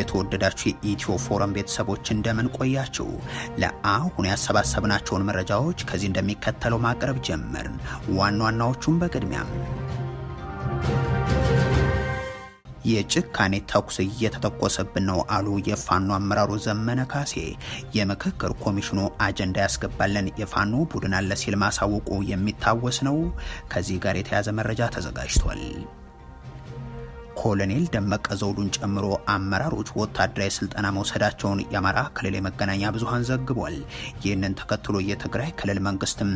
የተወደዳችሁ የኢትዮ ፎረም ቤተሰቦች እንደምን ቆያችሁ? ለአሁን ያሰባሰብናቸውን መረጃዎች ከዚህ እንደሚከተለው ማቅረብ ጀመርን። ዋና ዋናዎቹን በቅድሚያም የጭካኔ ተኩስ እየተተኮሰብን ነው አሉ የፋኖ አመራሩ ዘመነ ካሴ። የምክክር ኮሚሽኑ አጀንዳ ያስገባለን የፋኖ ቡድን አለ ሲል ማሳወቁ የሚታወስ ነው። ከዚህ ጋር የተያዘ መረጃ ተዘጋጅቷል። ኮሎኔል ደመቀ ዘውዱን ጨምሮ አመራሮች ወታደራዊ ስልጠና መውሰዳቸውን የአማራ ክልል የመገናኛ ብዙሃን ዘግቧል። ይህንን ተከትሎ የትግራይ ክልል መንግስትም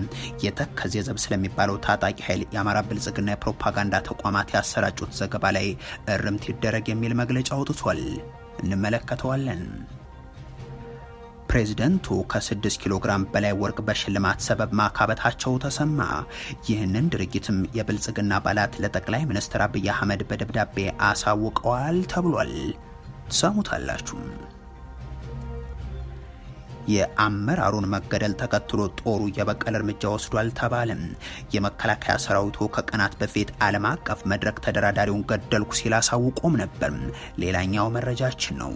የተከዜ ዘብ ስለሚባለው ታጣቂ ኃይል የአማራ ብልጽግና የፕሮፓጋንዳ ተቋማት ያሰራጩት ዘገባ ላይ እርምት ይደረግ የሚል መግለጫ አውጥቷል። እንመለከተዋለን። ፕሬዚደንቱ ከ6 ኪሎ ግራም በላይ ወርቅ በሽልማት ሰበብ ማካበታቸው ተሰማ። ይህንን ድርጊትም የብልጽግና አባላት ለጠቅላይ ሚኒስትር አብይ አህመድ በደብዳቤ አሳውቀዋል ተብሏል። ሰሙታላችሁ። የአመራሩን መገደል ተከትሎ ጦሩ የበቀል እርምጃ ወስዷል ተባለም። የመከላከያ ሰራዊቱ ከቀናት በፊት ዓለም አቀፍ መድረክ ተደራዳሪውን ገደልኩ ሲል አሳውቆም ነበር። ሌላኛው መረጃችን ነው።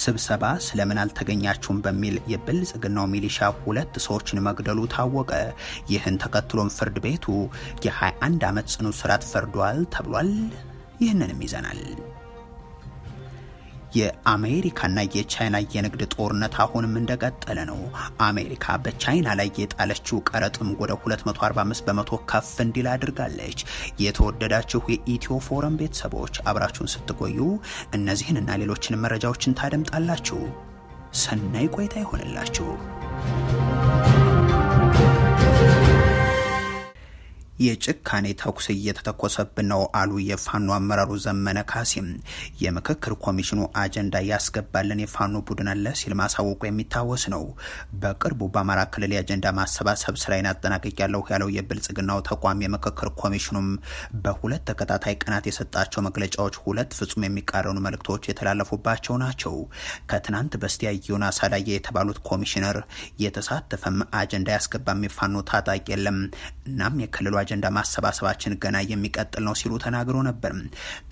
ስብሰባ ስለምን አልተገኛችሁም በሚል የብልጽግናው ሚሊሻ ሁለት ሰዎችን መግደሉ ታወቀ። ይህን ተከትሎም ፍርድ ቤቱ የ21 ዓመት ጽኑ እስራት ፈርዷል ተብሏል። ይህንንም ይዘናል። የአሜሪካና የቻይና የንግድ ጦርነት አሁንም እንደቀጠለ ነው። አሜሪካ በቻይና ላይ የጣለችው ቀረጥም ወደ 245 በመቶ ከፍ እንዲል አድርጋለች። የተወደዳችሁ የኢትዮ ፎረም ቤተሰቦች አብራችሁን ስትቆዩ እነዚህንና ሌሎችን መረጃዎችን ታደምጣላችሁ። ሰናይ ቆይታ ይሆንላችሁ። የጭካኔ ተኩስ እየተተኮሰብን ነው አሉ የፋኖ አመራሩ ዘመነ ካሴም። የምክክር ኮሚሽኑ አጀንዳ ያስገባልን የፋኖ ቡድን አለ ሲል ማሳወቁ የሚታወስ ነው። በቅርቡ በአማራ ክልል የአጀንዳ ማሰባሰብ ስራዬን አጠናቀቅ ያለው ያለው የብልጽግናው ተቋም የምክክር ኮሚሽኑም በሁለት ተከታታይ ቀናት የሰጣቸው መግለጫዎች ሁለት ፍጹም የሚቃረኑ መልእክቶች የተላለፉባቸው ናቸው። ከትናንት በስቲያ ዮናስ አሳዳየ የተባሉት ኮሚሽነር የተሳተፈም አጀንዳ ያስገባም የፋኖ ታጣቂ የለም እናም የክልሉ አጀንዳ ማሰባሰባችን ገና የሚቀጥል ነው ሲሉ ተናግሮ ነበር።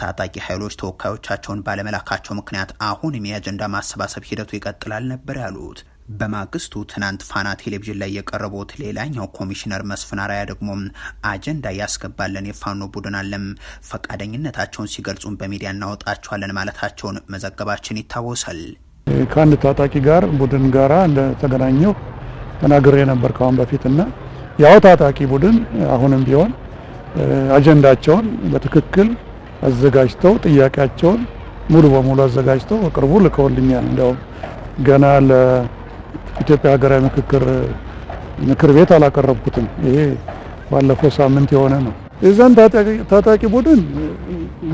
ታጣቂ ኃይሎች ተወካዮቻቸውን ባለመላካቸው ምክንያት አሁንም የአጀንዳ ማሰባሰብ ሂደቱ ይቀጥላል ነበር ያሉት። በማግስቱ ትናንት ፋና ቴሌቪዥን ላይ የቀረቡት ሌላኛው ኮሚሽነር መስፍን አራያ ደግሞ አጀንዳ ያስገባለን የፋኖ ቡድን አለም ፈቃደኝነታቸውን ሲገልጹን በሚዲያ እናወጣቸዋለን ማለታቸውን መዘገባችን ይታወሳል። ከአንድ ታጣቂ ጋር ቡድን ጋራ እንደተገናኘው ተናግሬ ነበር ከአሁን በፊት እና ያው ታጣቂ ቡድን አሁንም ቢሆን አጀንዳቸውን በትክክል አዘጋጅተው ጥያቄያቸውን ሙሉ በሙሉ አዘጋጅተው በቅርቡ ልከውልኛል። እንዲያውም ገና ለኢትዮጵያ ሀገራዊ ምክክር ምክር ቤት አላቀረብኩትም። ይሄ ባለፈው ሳምንት የሆነ ነው። የዛን ታጣቂ ቡድን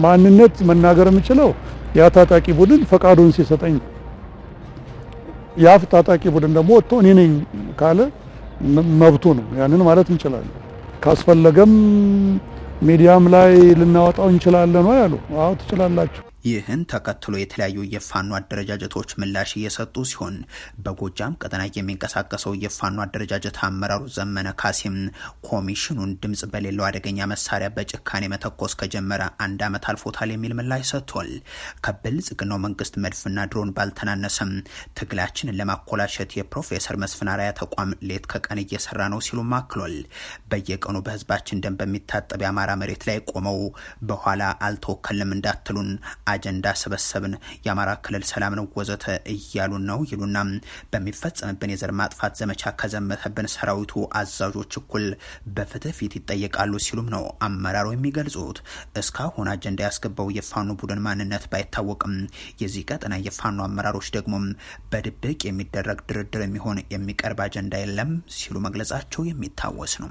ማንነት መናገር የምችለው ያ ታጣቂ ቡድን ፈቃዱን ሲሰጠኝ፣ ያ ታጣቂ ቡድን ደግሞ ወጥቶ እኔ ነኝ ካለ መብቱ ነው። ያንን ማለት እንችላለን። ካስፈለገም ሚዲያም ላይ ልናወጣው እንችላለን ወይ አሉ። አዎ ትችላላችሁ። ይህን ተከትሎ የተለያዩ የፋኖ አደረጃጀቶች ምላሽ እየሰጡ ሲሆን በጎጃም ቀጠና የሚንቀሳቀሰው የፋኖ አደረጃጀት አመራሩ ዘመነ ካሴም ኮሚሽኑን ድምጽ በሌለው አደገኛ መሳሪያ በጭካኔ መተኮስ ከጀመረ አንድ ዓመት አልፎታል የሚል ምላሽ ሰጥቷል። ከብልጽግናው መንግስት መድፍና ድሮን ባልተናነሰም ትግላችንን ለማኮላሸት የፕሮፌሰር መስፍን አርአያ ተቋም ሌት ከቀን እየሰራ ነው ሲሉ ማክሏል። በየቀኑ በህዝባችን ደም በሚታጠብ የአማራ መሬት ላይ ቆመው በኋላ አልተወከልም እንዳትሉን አጀንዳ ሰበሰብን፣ የአማራ ክልል ሰላም ወዘተ እያሉን ነው ይሉና በሚፈጸምብን የዘር ማጥፋት ዘመቻ ከዘመተብን ሰራዊቱ አዛዦች እኩል በፍትህ ፊት ይጠየቃሉ ሲሉም ነው አመራሩ የሚገልጹት። እስካሁን አጀንዳ ያስገባው የፋኖ ቡድን ማንነት ባይታወቅም የዚህ ቀጠና የፋኖ አመራሮች ደግሞ በድብቅ የሚደረግ ድርድር የሚሆን የሚቀርብ አጀንዳ የለም ሲሉ መግለጻቸው የሚታወስ ነው።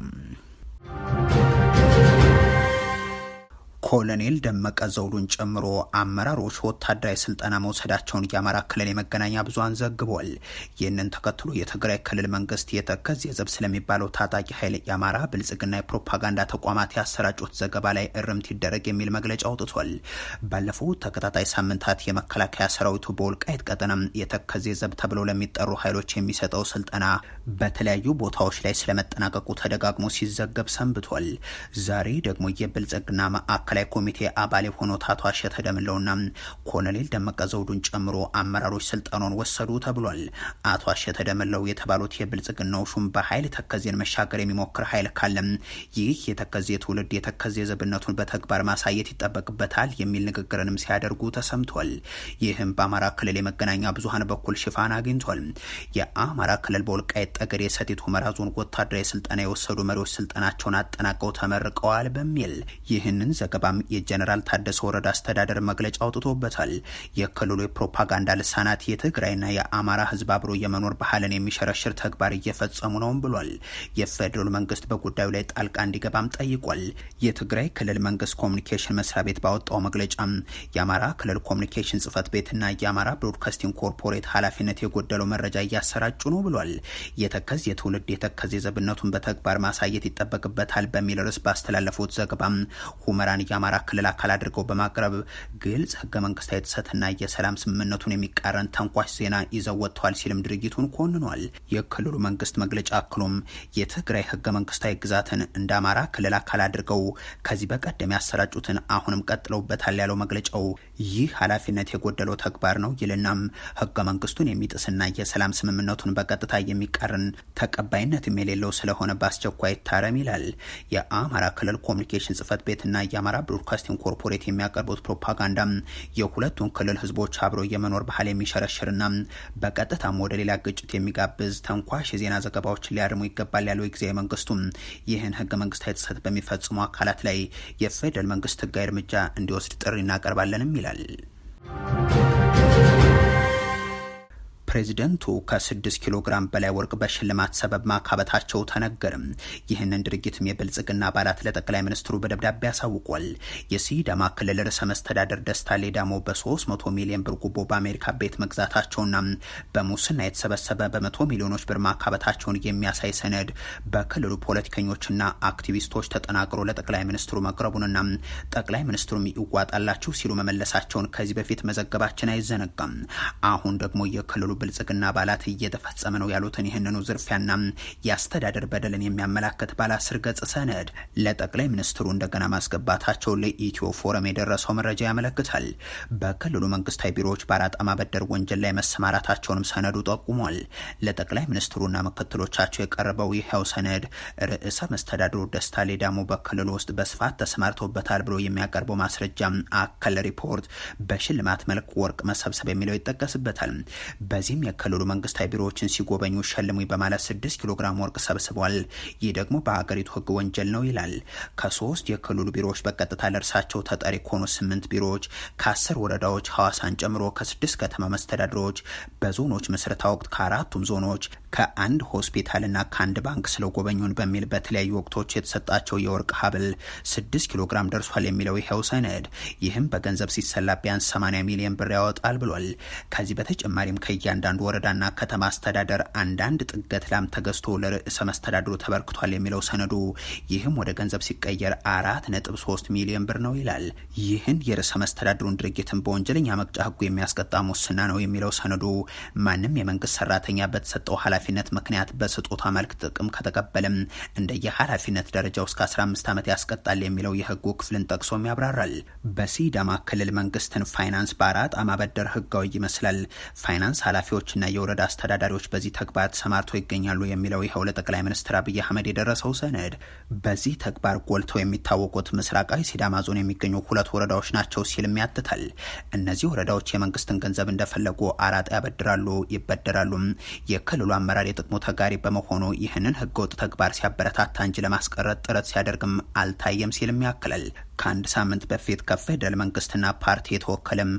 ኮሎኔል ደመቀ ዘውዱን ጨምሮ አመራሮች ወታደራዊ ስልጠና መውሰዳቸውን የአማራ ክልል የመገናኛ ብዙሃን ዘግቧል። ይህንን ተከትሎ የትግራይ ክልል መንግስት የተከዝ የዘብ ስለሚባለው ታጣቂ ኃይል የአማራ ብልጽግና የፕሮፓጋንዳ ተቋማት ያሰራጩት ዘገባ ላይ እርምት ይደረግ የሚል መግለጫ አውጥቷል። ባለፉት ተከታታይ ሳምንታት የመከላከያ ሰራዊቱ በወልቃይት ቀጠናም የተከዜ ዘብ ተብለው ለሚጠሩ ኃይሎች የሚሰጠው ስልጠና በተለያዩ ቦታዎች ላይ ስለመጠናቀቁ ተደጋግሞ ሲዘገብ ሰንብቷል። ዛሬ ደግሞ የብልጽግና ማዕከላዊ ማዕከላዊ ኮሚቴ አባል የሆኑት አቶ አሸተ ደምለውና ኮሎኔል ደመቀ ዘውዱን ጨምሮ አመራሮች ስልጠናውን ወሰዱ ተብሏል። አቶ አሸተ ደምለው የተባሉት የብልጽግናው ሹም በኃይል ተከዜን መሻገር የሚሞክር ኃይል ካለም ይህ የተከዜ ትውልድ የተከዜ ዘብነቱን በተግባር ማሳየት ይጠበቅበታል የሚል ንግግርንም ሲያደርጉ ተሰምቷል። ይህም በአማራ ክልል የመገናኛ ብዙሀን በኩል ሽፋን አግኝቷል። የአማራ ክልል በወልቃይት ጠገዴ ሰቲት ሁመራ ዞን ወታደራዊ ስልጠና የወሰዱ መሪዎች ስልጠናቸውን አጠናቀው ተመርቀዋል በሚል ይህንን ዘገባ እንደሚገባም የጀነራል ታደሰ ወረደ አስተዳደር መግለጫ አውጥቶበታል። የክልሉ የፕሮፓጋንዳ ልሳናት የትግራይና የአማራ ህዝብ አብሮ የመኖር ባህልን የሚሸረሽር ተግባር እየፈጸሙ ነውም ብሏል። የፌዴራል መንግስት በጉዳዩ ላይ ጣልቃ እንዲገባም ጠይቋል። የትግራይ ክልል መንግስት ኮሚኒኬሽን መስሪያ ቤት ባወጣው መግለጫ የአማራ ክልል ኮሚኒኬሽን ጽህፈት ቤትና የአማራ ብሮድካስቲንግ ኮርፖሬት ኃላፊነት የጎደለው መረጃ እያሰራጩ ነው ብሏል። የተከዝ የትውልድ የተከዝ የዘብነቱን በተግባር ማሳየት ይጠበቅበታል በሚል ርዕስ ባስተላለፉት ዘገባ ሁመራን የአማራ ክልል አካል አድርገው በማቅረብ ግልጽ ህገ መንግስታዊ ጥሰትና የሰላም ስምምነቱን የሚቃረን ተንኳሽ ዜና ይዘው ወጥተዋል ሲልም ድርጊቱን ኮንኗል። የክልሉ መንግስት መግለጫ አክሎም የትግራይ ህገ መንግስታዊ ግዛትን እንደ አማራ ክልል አካል አድርገው ከዚህ በቀደም ያሰራጩትን አሁንም ቀጥለውበታል ያለው መግለጫው ይህ ኃላፊነት የጎደለው ተግባር ነው ይልናም ህገ መንግስቱን የሚጥስና የሰላም ስምምነቱን በቀጥታ የሚቃረን ተቀባይነትም የሌለው ስለሆነ በአስቸኳይ ታረም ይላል። የአማራ ክልል ኮሚኒኬሽን ጽህፈት ቤትና የአማራ ብሮድካስቲንግ ኮርፖሬት የሚያቀርቡት ፕሮፓጋንዳ የሁለቱን ክልል ህዝቦች አብሮ የመኖር ባህል የሚሸረሽርና በቀጥታም ወደ ሌላ ግጭት የሚጋብዝ ተንኳሽ የዜና ዘገባዎችን ሊያርሙ ይገባል ያለው የጊዜያዊ መንግስቱ ይህን ህገ መንግስታዊ ጥሰት በሚፈጽሙ አካላት ላይ የፌዴራል መንግስት ህጋዊ እርምጃ እንዲወስድ ጥሪ እናቀርባለንም ይላል። ፕሬዚደንቱ ከ ከ6 ኪሎ ግራም በላይ ወርቅ በሽልማት ሰበብ ማካበታቸው ተነገርም። ይህንን ድርጊትም የብልጽግና አባላት ለጠቅላይ ሚኒስትሩ በደብዳቤ አሳውቋል። የሲዳማ ክልል ርዕሰ መስተዳደር ደስታ ሌዳሞ በ300 ሚሊዮን ብር ጉቦ በአሜሪካ ቤት መግዛታቸውና በሙስና የተሰበሰበ በመቶ ሚሊዮኖች ብር ማካበታቸውን የሚያሳይ ሰነድ በክልሉ ፖለቲከኞችና አክቲቪስቶች ተጠናቅሮ ለጠቅላይ ሚኒስትሩ መቅረቡንና ጠቅላይ ሚኒስትሩም ይዋጣላችሁ ሲሉ መመለሳቸውን ከዚህ በፊት መዘገባችን አይዘነጋም። አሁን ደግሞ የክልሉ ብልጽግና አባላት እየተፈጸመ ነው ያሉትን ይህንኑ ዝርፊያና የአስተዳደር በደልን የሚያመላክት ባለ አስር ገጽ ሰነድ ለጠቅላይ ሚኒስትሩ እንደገና ማስገባታቸው ለኢትዮ ፎረም የደረሰው መረጃ ያመለክታል። በክልሉ መንግስታዊ ቢሮዎች በአራጣ ማበደር ወንጀል ላይ መሰማራታቸውንም ሰነዱ ጠቁሟል። ለጠቅላይ ሚኒስትሩና ምክትሎቻቸው የቀረበው ይኸው ሰነድ ርዕሰ መስተዳድሩ ደስታ ሌዳሞ በክልሉ ውስጥ በስፋት ተሰማርተውበታል ብሎ የሚያቀርበው ማስረጃ አከል ሪፖርት በሽልማት መልክ ወርቅ መሰብሰብ የሚለው ይጠቀስበታል። በዚህም የክልሉ መንግስታዊ ቢሮዎችን ሲጎበኙ ሸልሙ በማለት ስድስት ኪሎ ግራም ወርቅ ሰብስቧል። ይህ ደግሞ በሀገሪቱ ህግ ወንጀል ነው ይላል። ከሶስት የክልሉ ቢሮዎች በቀጥታ ለእርሳቸው ተጠሪ ከሆኑ ስምንት ቢሮዎች ከአስር ወረዳዎች ሐዋሳን ጨምሮ ከስድስት ከተማ መስተዳድሮች በዞኖች ምስረታ ወቅት ከአራቱም ዞኖች ከአንድ ሆስፒታልና ከአንድ ባንክ ስለጎበኙን በሚል በተለያዩ ወቅቶች የተሰጣቸው የወርቅ ሀብል ስድስት ኪሎ ግራም ደርሷል የሚለው ይኸው ሰነድ ይህም በገንዘብ ሲሰላ ቢያንስ 80 ሚሊዮን ብር ያወጣል ብሏል። ከዚህ በተጨማሪም ከያ የእያንዳንዱ ወረዳና ከተማ አስተዳደር አንዳንድ ጥገት ላም ተገዝቶ ለርዕሰ መስተዳድሩ ተበርክቷል የሚለው ሰነዱ ይህም ወደ ገንዘብ ሲቀየር አራት ነጥብ ሶስት ሚሊዮን ብር ነው ይላል። ይህን የርዕሰ መስተዳድሩን ድርጊትን በወንጀለኛ መቅጫ ህጉ የሚያስቀጣ ሙስና ነው የሚለው ሰነዱ ማንም የመንግስት ሰራተኛ በተሰጠው ኃላፊነት ምክንያት በስጦታ መልክ ጥቅም ከተቀበለም እንደየኃላፊነት ደረጃው እስከ 15 ዓመት ያስቀጣል የሚለው የህጉ ክፍልን ጠቅሶም ያብራራል። በሲዳማ ክልል መንግስትን ፋይናንስ በአራት አማበደር ህጋዊ ይመስላል ፋይናንስ ኃላፊዎችና የወረዳ አስተዳዳሪዎች በዚህ ተግባር ተሰማርተው ይገኛሉ የሚለው ይኸው ለጠቅላይ ሚኒስትር አብይ አህመድ የደረሰው ሰነድ በዚህ ተግባር ጎልተው የሚታወቁት ምስራቃዊ ሲዳማ ዞን የሚገኙ ሁለት ወረዳዎች ናቸው ሲልም ያትታል። እነዚህ ወረዳዎች የመንግስትን ገንዘብ እንደፈለጉ አራጣ ያበድራሉ፣ ይበደራሉ። የክልሉ አመራር የጥቅሙ ተጋሪ በመሆኑ ይህንን ህገወጥ ተግባር ሲያበረታታ እንጂ ለማስቀረት ጥረት ሲያደርግም አልታየም ሲልም ያክላል። ከአንድ ሳምንት በፊት ከፌደራል መንግስትና ፓርቲ የተወከለም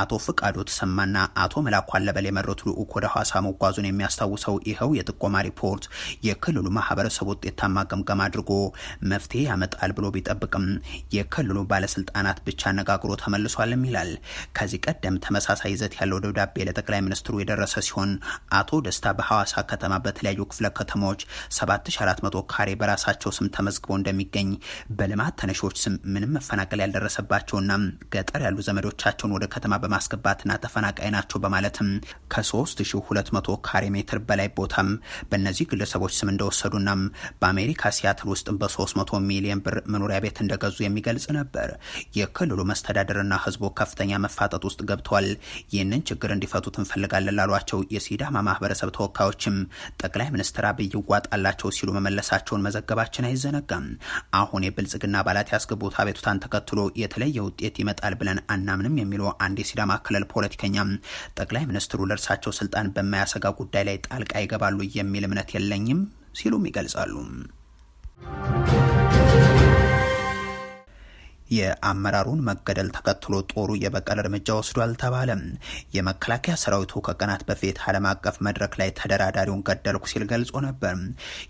አቶ ፍቃዱ ተሰማና አቶ መላኩ አለበል የመሩት ልዑክ ወደ ሐዋሳ መጓዙን የሚያስታውሰው ይኸው የጥቆማ ሪፖርት የክልሉ ማህበረሰብ ውጤታማ ገምገማ አድርጎ መፍትሄ ያመጣል ብሎ ቢጠብቅም የክልሉ ባለስልጣናት ብቻ አነጋግሮ ተመልሷልም ይላል። ከዚህ ቀደም ተመሳሳይ ይዘት ያለው ደብዳቤ ለጠቅላይ ሚኒስትሩ የደረሰ ሲሆን አቶ ደስታ በሐዋሳ ከተማ በተለያዩ ክፍለ ከተሞች 7400 ካሬ በራሳቸው ስም ተመዝግቦ እንደሚገኝ በልማት ተነሾች ስም ምንም መፈናቀል ያልደረሰባቸውና ገጠር ያሉ ዘመዶቻቸውን ወደ ከተማ በማስገባትና ተፈናቃይ ናቸው በማለትም ከ3200 ካሬ ሜትር በላይ ቦታም በእነዚህ ግለሰቦች ስም እንደወሰዱና በአሜሪካ ሲያትል ውስጥ በ300 ሚሊዮን ብር መኖሪያ ቤት እንደገዙ የሚገልጽ ነበር። የክልሉ መስተዳደርና ህዝቡ ከፍተኛ መፋጠጥ ውስጥ ገብተዋል። ይህንን ችግር እንዲፈቱት እንፈልጋለን ላሏቸው የሲዳማ ማህበረሰብ ተወካዮችም ጠቅላይ ሚኒስትር አብይ ይዋጣላቸው ሲሉ መመለሳቸውን መዘገባችን አይዘነጋም። አሁን የብልጽግና አባላት ያስገቡት አቤቱታን ተከትሎ የተለየ ውጤት ይመጣል ብለን አናምንም የሚለው አንድ የሲዳማ ክልል ፖለቲከኛ ጠቅላይ ሚኒስትሩ ለእርሳቸው ስልጣን በማያሰጋ ጉዳይ ላይ ጣልቃ ይገባሉ የሚል እምነት የለኝም ሲሉም ይገልጻሉ። የአመራሩን መገደል ተከትሎ ጦሩ የበቀል እርምጃ ወስዷል ተባለ። የመከላከያ ሰራዊቱ ከቀናት በፊት ዓለም አቀፍ መድረክ ላይ ተደራዳሪውን ገደልኩ ሲል ገልጾ ነበር።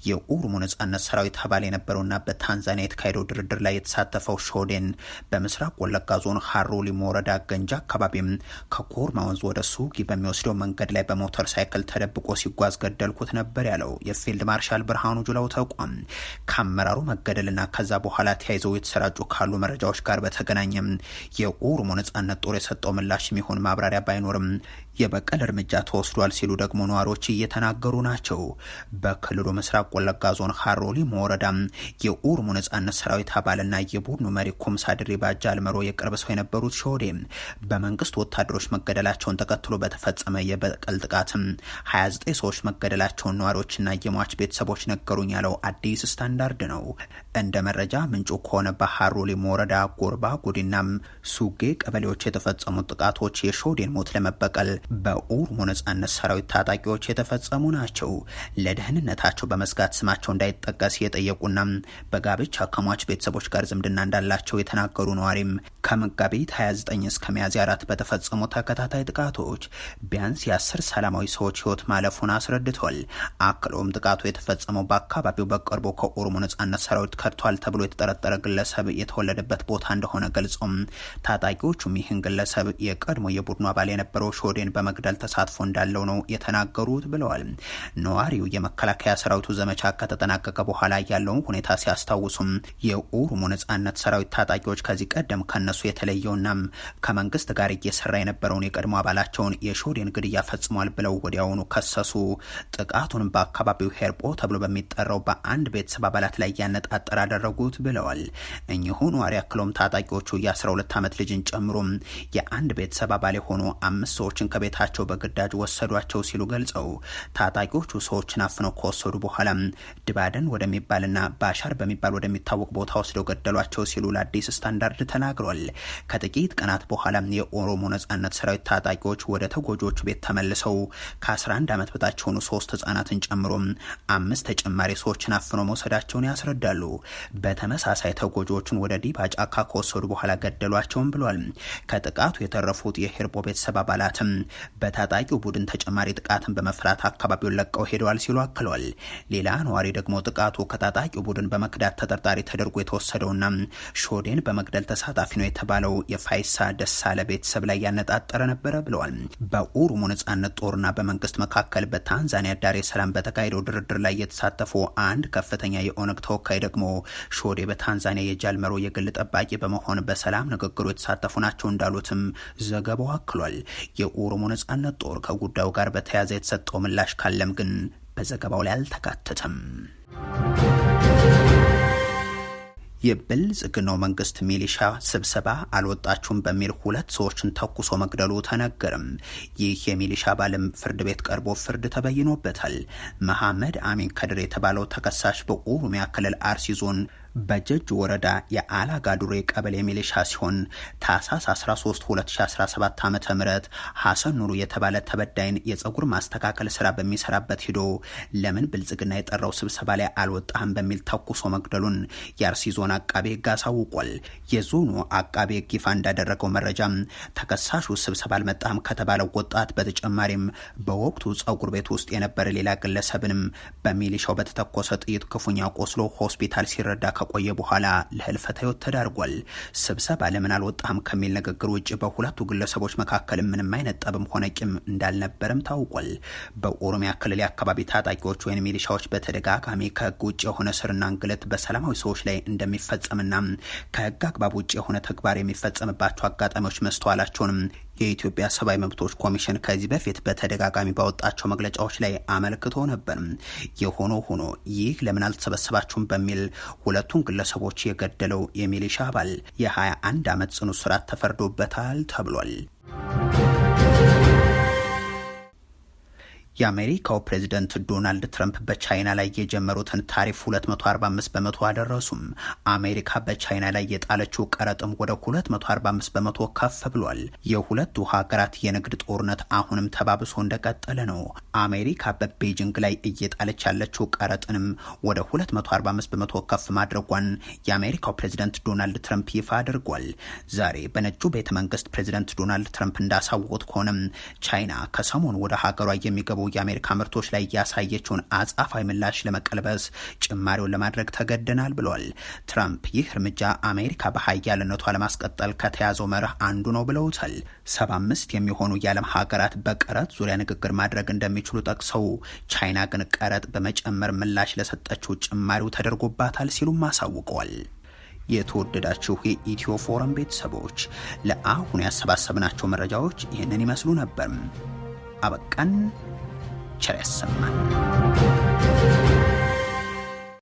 የኦሮሞ ነጻነት ሰራዊት አባል የነበረውና በታንዛኒያ የተካሄደው ድርድር ላይ የተሳተፈው ሾዴን በምስራቅ ወለጋ ዞን ሀሮ ሊሙ ወረዳ ገንጃ አካባቢም ከኮርማ ወንዝ ወደ ሱጊ በሚወስደው መንገድ ላይ በሞተር ሳይክል ተደብቆ ሲጓዝ ገደልኩት ነበር ያለው የፊልድ ማርሻል ብርሃኑ ጁላው ተቋም ከአመራሩ መገደልና ከዛ በኋላ ተያይዘው የተሰራጩ ካሉ መረጃዎች ጉዳዮች ጋር በተገናኘም የኦሮሞ ነጻነት ጦር የሰጠው ምላሽ የሚሆን ማብራሪያ ባይኖርም የበቀል እርምጃ ተወስዷል ሲሉ ደግሞ ነዋሪዎች እየተናገሩ ናቸው። በክልሉ ምስራቅ ወለጋ ዞን ሀሮሊም ወረዳም የኦሮሞ ነጻነት ሰራዊት አባልና የቡድኑ መሪ ኩምሳ ድሪባ ጃልመሮ የቅርብ ሰው የነበሩት ሾዴ በመንግስት ወታደሮች መገደላቸውን ተከትሎ በተፈጸመ የበቀል ጥቃትም 29 ሰዎች መገደላቸውን ነዋሪዎችና የሟች ቤተሰቦች ነገሩኝ ያለው አዲስ ስታንዳርድ ነው። እንደ መረጃ ምንጩ ከሆነ በሀሮሊም ወረዳ ጎርባ ጉዲና ሱጌ ቀበሌዎች የተፈጸሙት ጥቃቶች የሾዴን ሞት ለመበቀል በኦሮሞ ነጻነት ሰራዊት ታጣቂዎች የተፈጸሙ ናቸው። ለደህንነታቸው በመስጋት ስማቸው እንዳይጠቀስ የጠየቁና በጋብቻ ከሟች ቤተሰቦች ጋር ዝምድና እንዳላቸው የተናገሩ ነዋሪም ከመጋቢት 29 እስከ ሚያዝያ 4 በተፈጸሙ ተከታታይ ጥቃቶች ቢያንስ የአስር ሰላማዊ ሰዎች ህይወት ማለፉን አስረድቷል። አክሎም ጥቃቱ የተፈጸመው በአካባቢው በቅርቡ ከኦሮሞ ነጻነት ሰራዊት ከድቷል ተብሎ የተጠረጠረ ግለሰብ የተወለደበት ቦታ እንደሆነ ገልጾም ታጣቂዎቹም ይህን ግለሰብ የቀድሞ የቡድኑ አባል የነበረው ሾዴን በመግደል ተሳትፎ እንዳለው ነው የተናገሩት ብለዋል። ነዋሪው የመከላከያ ሰራዊቱ ዘመቻ ከተጠናቀቀ በኋላ ያለውን ሁኔታ ሲያስታውሱም የኦሮሞ ነጻነት ሰራዊት ታጣቂዎች ከዚህ ቀደም ከነሱ የተለየውና ከመንግስት ጋር እየሰራ የነበረውን የቀድሞ አባላቸውን የሾዴን ግድያ ፈጽሟል ብለው ወዲያውኑ ከሰሱ። ጥቃቱን በአካባቢው ሄርጶ ተብሎ በሚጠራው በአንድ ቤተሰብ አባላት ላይ ያነጣጠር አደረጉት ብለዋል። እኚሁ ነዋሪ አክሎም ታጣቂዎቹ የ12 ዓመት ልጅን ጨምሮ የአንድ ቤተሰብ አባል የሆኑ አምስት ሰዎችን ከቤታቸው በግዳጅ ወሰዷቸው ሲሉ ገልጸው ታጣቂዎቹ ሰዎችን አፍነው ከወሰዱ በኋላ ድባደን ወደሚባልና ባሻር በሚባል ወደሚታወቅ ቦታ ወስደው ገደሏቸው ሲሉ ለአዲስ ስታንዳርድ ተናግሯል። ከጥቂት ቀናት በኋላም የኦሮሞ ነጻነት ሰራዊት ታጣቂዎች ወደ ተጎጂዎቹ ቤት ተመልሰው ከ11 ዓመት በታች የሆኑ ሶስት ህጻናትን ጨምሮ አምስት ተጨማሪ ሰዎችን አፍነው መውሰዳቸውን ያስረዳሉ። በተመሳሳይ ተጎጂዎቹን ወደ ዲባ ጫካ ከወሰዱ በኋላ ገደሏቸውም ብሏል። ከጥቃቱ የተረፉት የሄርቦ ቤተሰብ አባላትም በታጣቂው ቡድን ተጨማሪ ጥቃትን በመፍራት አካባቢውን ለቀው ሄደዋል ሲሉ አክለዋል። ሌላ ነዋሪ ደግሞ ጥቃቱ ከታጣቂው ቡድን በመክዳት ተጠርጣሪ ተደርጎ የተወሰደውና ሾዴን በመግደል ተሳታፊ ነው የተባለው የፋይሳ ደሳለ ቤተሰብ ላይ ያነጣጠረ ነበረ ብለዋል። በኦሮሞ ነጻነት ጦርና በመንግስት መካከል በታንዛኒያ ዳሬ ሰላም በተካሄደው ድርድር ላይ የተሳተፉ አንድ ከፍተኛ የኦነግ ተወካይ ደግሞ ሾዴ በታንዛኒያ የጃልመሮ የግል ጠባቂ በመሆን በሰላም ንግግሩ የተሳተፉ ናቸው እንዳሉትም ዘገባው አክሏል። የኦሮሞ የኦሮሞ ነጻነት ጦር ከጉዳዩ ጋር በተያያዘ የተሰጠው ምላሽ ካለም ግን በዘገባው ላይ አልተካተተም። የብልጽግናው መንግስት ሚሊሻ ስብሰባ አልወጣችሁም በሚል ሁለት ሰዎችን ተኩሶ መግደሉ ተነገርም። ይህ የሚሊሻ ባለም ፍርድ ቤት ቀርቦ ፍርድ ተበይኖበታል። መሐመድ አሚን ከድር የተባለው ተከሳሽ በኦሮሚያ ክልል አርሲ ዞን በጀጅ ወረዳ ዱሬ ቀበሌ ሚሊሻ ሲሆን ታህሳስ 13 2017 ዓ ም ሐሰን ኑሩ የተባለ ተበዳይን የፀጉር ማስተካከል ስራ በሚሰራበት ሂዶ ለምን ብልጽግና የጠራው ስብሰባ ላይ አልወጣህም በሚል ተኩሶ መግደሉን የአርሲ ዞን አቃቤ ሕግ አሳውቋል። የዞኑ አቃቤ ሕግ ይፋ እንዳደረገው መረጃም ተከሳሹ ስብሰባ አልመጣም ከተባለው ወጣት በተጨማሪም በወቅቱ ፀጉር ቤት ውስጥ የነበረ ሌላ ግለሰብንም በሚሊሻው በተተኮሰ ጥይት ክፉኛ ቆስሎ ሆስፒታል ሲረዳ ከቆየ በኋላ ለህልፈተ ህይወት ተዳርጓል። ስብሰባ ለምን አልወጣም ከሚል ንግግር ውጭ በሁለቱ ግለሰቦች መካከል ምንም አይነት ጠብም ሆነ ቂም እንዳልነበረም ታውቋል። በኦሮሚያ ክልል የአካባቢ ታጣቂዎች ወይም ሚሊሻዎች በተደጋጋሚ ከህግ ውጭ የሆነ ስርና እንግልት በሰላማዊ ሰዎች ላይ እንደሚፈጸምና ከህግ አግባብ ውጭ የሆነ ተግባር የሚፈጸምባቸው አጋጣሚዎች መስተዋላቸውንም የኢትዮጵያ ሰብአዊ መብቶች ኮሚሽን ከዚህ በፊት በተደጋጋሚ ባወጣቸው መግለጫዎች ላይ አመልክቶ ነበር። የሆኖ ሆኖ ይህ ለምን አልተሰበሰባችሁም በሚል ሁለቱን ግለሰቦች የገደለው የሚሊሻ አባል የ21 ዓመት ጽኑ እስራት ተፈርዶበታል ተብሏል። የአሜሪካው ፕሬዚደንት ዶናልድ ትራምፕ በቻይና ላይ የጀመሩትን ታሪፍ 245 በመቶ አደረሱም። አሜሪካ በቻይና ላይ የጣለችው ቀረጥም ወደ 245 በመቶ ከፍ ብሏል። የሁለቱ ሀገራት የንግድ ጦርነት አሁንም ተባብሶ እንደቀጠለ ነው። አሜሪካ በቤጂንግ ላይ እየጣለች ያለችው ቀረጥንም ወደ 245 በመቶ ከፍ ማድረጓን የአሜሪካው ፕሬዚደንት ዶናልድ ትራምፕ ይፋ አድርጓል። ዛሬ በነጩ ቤተ መንግስት ፕሬዚደንት ዶናልድ ትራምፕ እንዳሳወቁት ከሆነም ቻይና ከሰሞኑ ወደ ሀገሯ የሚገቡ የአሜሪካ ምርቶች ላይ ያሳየችውን አጻፋዊ ምላሽ ለመቀልበስ ጭማሪውን ለማድረግ ተገደናል ብሏል። ትራምፕ ይህ እርምጃ አሜሪካ በሀያልነቷ ለማስቀጠል ከተያዘው መርህ አንዱ ነው ብለውታል። ሰባ አምስት የሚሆኑ የዓለም ሀገራት በቀረጥ ዙሪያ ንግግር ማድረግ እንደሚችሉ ጠቅሰው ቻይና ግን ቀረጥ በመጨመር ምላሽ ለሰጠችው ጭማሪው ተደርጎባታል ሲሉም አሳውቀዋል። የተወደዳችሁ የኢትዮ ፎረም ቤተሰቦች ለአሁኑ ያሰባሰብናቸው መረጃዎች ይህንን ይመስሉ ነበር። አበቃን። ቸር ያሰማል።